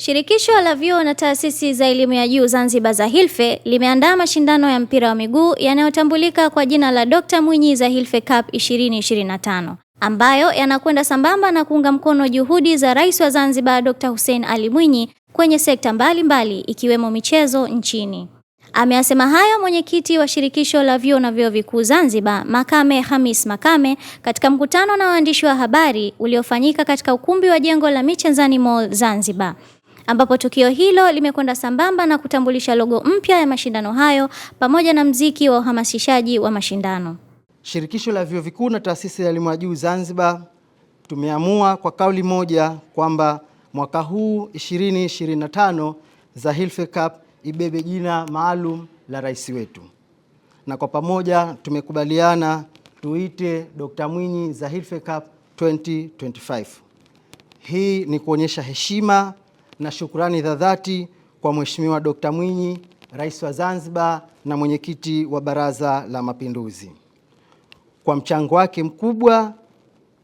Shirikisho la vyuo na taasisi za elimu ya juu Zanzibar ZAHILFE limeandaa mashindano ya mpira wa miguu yanayotambulika kwa jina la Dr. Mwinyi ZAHILFE Cup 2025 ambayo yanakwenda sambamba na kuunga mkono juhudi za Rais wa Zanzibar Dr. Hussein Ali Mwinyi kwenye sekta mbalimbali mbali, ikiwemo michezo nchini. Ameyasema hayo mwenyekiti wa Shirikisho la Vyuo na Vyuo Vikuu Zanzibar, Makame Hamis Makame, katika mkutano na waandishi wa habari uliofanyika katika ukumbi wa jengo la Michenzani Mall Zanzibar ambapo tukio hilo limekwenda sambamba na kutambulisha logo mpya ya mashindano hayo pamoja na mziki wa uhamasishaji wa mashindano. Shirikisho la Vyuo Vikuu na Taasisi ya Elimu ya Juu Zanzibar tumeamua kwa kauli moja kwamba mwaka huu 2025 Zahilfe Cup ibebe jina maalum la rais wetu, na kwa pamoja tumekubaliana tuite Dr. Mwinyi Zahilfe Cup 2025. Hii ni kuonyesha heshima na shukrani za dhati kwa Mheshimiwa Dkt. Mwinyi, Rais wa Zanzibar na mwenyekiti wa Baraza la Mapinduzi kwa mchango wake mkubwa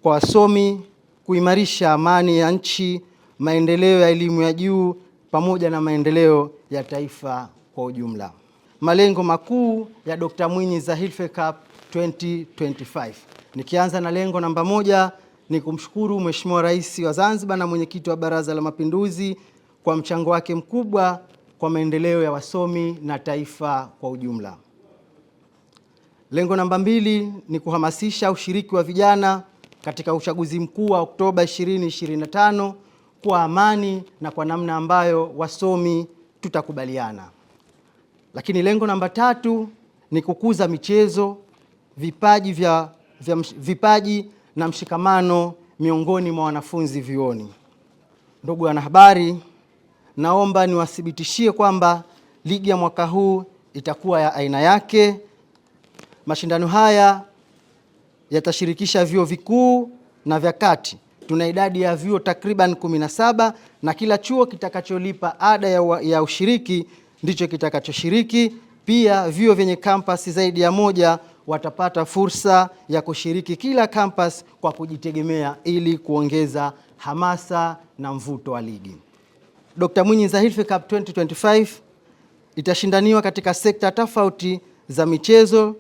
kwa wasomi kuimarisha amani ya nchi, maendeleo ya elimu ya juu pamoja na maendeleo ya taifa kwa ujumla. Malengo makuu ya Dkt. Mwinyi za Hilfe Cup 2025. Nikianza na lengo namba moja ni kumshukuru Mheshimiwa Rais wa Zanzibar na mwenyekiti wa Baraza la Mapinduzi kwa mchango wake mkubwa kwa maendeleo ya wasomi na taifa kwa ujumla. Lengo namba mbili ni kuhamasisha ushiriki wa vijana katika uchaguzi mkuu wa Oktoba 2025 kwa amani na kwa namna ambayo wasomi tutakubaliana. Lakini lengo namba tatu ni kukuza michezo, vipaji vya, vya, vipaji na mshikamano miongoni mwa wanafunzi vioni. Ndugu wanahabari, naomba niwathibitishie kwamba ligi ya mwaka huu itakuwa ya aina yake. Mashindano haya yatashirikisha vyuo vikuu na vya kati. Tuna idadi ya vyuo takriban 17 na kila chuo kitakacholipa ada ya, ya ushiriki ndicho kitakachoshiriki. Pia vyuo vyenye kampasi zaidi ya moja watapata fursa ya kushiriki kila kampas kwa kujitegemea ili kuongeza hamasa na mvuto wa ligi. Dkt. Mwinyi Zahir Cup 2025 itashindaniwa katika sekta tofauti za michezo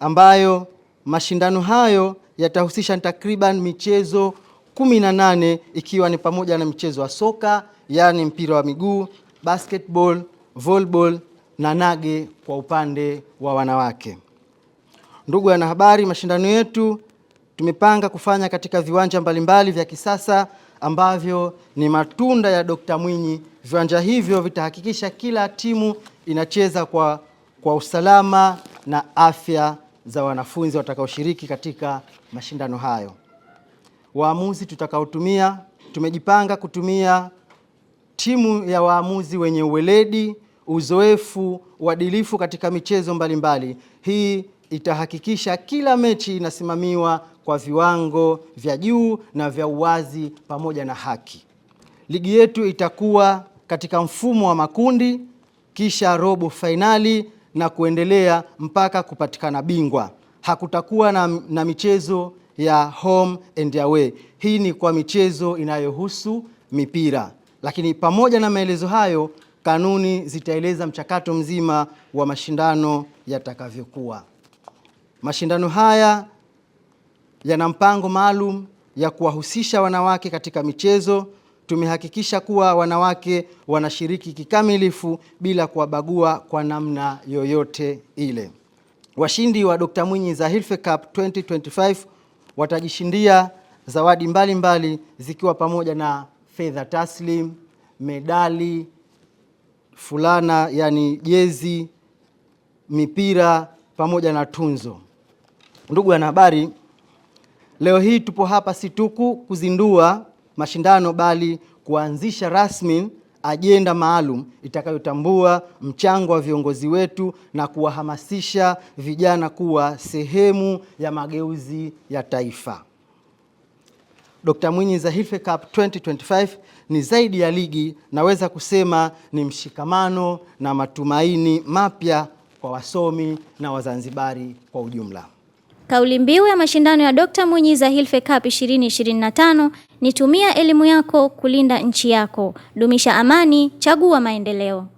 ambayo mashindano hayo yatahusisha takriban michezo 18 ikiwa ni pamoja na michezo wa soka, yaani mpira wa miguu, basketball, volleyball na nage kwa upande wa wanawake. Ndugu wanahabari, mashindano yetu tumepanga kufanya katika viwanja mbalimbali vya kisasa ambavyo ni matunda ya Dokta Mwinyi. Viwanja hivyo vitahakikisha kila timu inacheza kwa, kwa usalama na afya za wanafunzi watakaoshiriki katika mashindano hayo. Waamuzi tutakaotumia, tumejipanga kutumia timu ya waamuzi wenye uweledi, uzoefu, uadilifu katika michezo mbalimbali mbali. Hii itahakikisha kila mechi inasimamiwa kwa viwango vya juu na vya uwazi pamoja na haki. Ligi yetu itakuwa katika mfumo wa makundi, kisha robo fainali na kuendelea mpaka kupatikana bingwa. Hakutakuwa na, na michezo ya home and away. Hii ni kwa michezo inayohusu mipira. Lakini pamoja na maelezo hayo, kanuni zitaeleza mchakato mzima wa mashindano yatakavyokuwa. Mashindano haya yana mpango maalum ya kuwahusisha wanawake katika michezo. Tumehakikisha kuwa wanawake wanashiriki kikamilifu bila kuwabagua kwa namna yoyote ile. Washindi wa Dr. Mwinyi Zahilfe Cup 2025 watajishindia zawadi mbalimbali mbali, zikiwa pamoja na fedha taslim, medali, fulana yani jezi, mipira pamoja na tunzo. Ndugu wanahabari, leo hii tupo hapa si tuku kuzindua mashindano bali kuanzisha rasmi ajenda maalum itakayotambua mchango wa viongozi wetu na kuwahamasisha vijana kuwa sehemu ya mageuzi ya taifa. Dkt. Mwinyi Zahife Cup 2025 ni zaidi ya ligi, naweza kusema ni mshikamano na matumaini mapya kwa wasomi na Wazanzibari kwa ujumla. Kauli mbiu ya mashindano ya Dr. Munyiza Hilfe Cup 2025 ni tumia elimu yako kulinda nchi yako, dumisha amani, chagua maendeleo.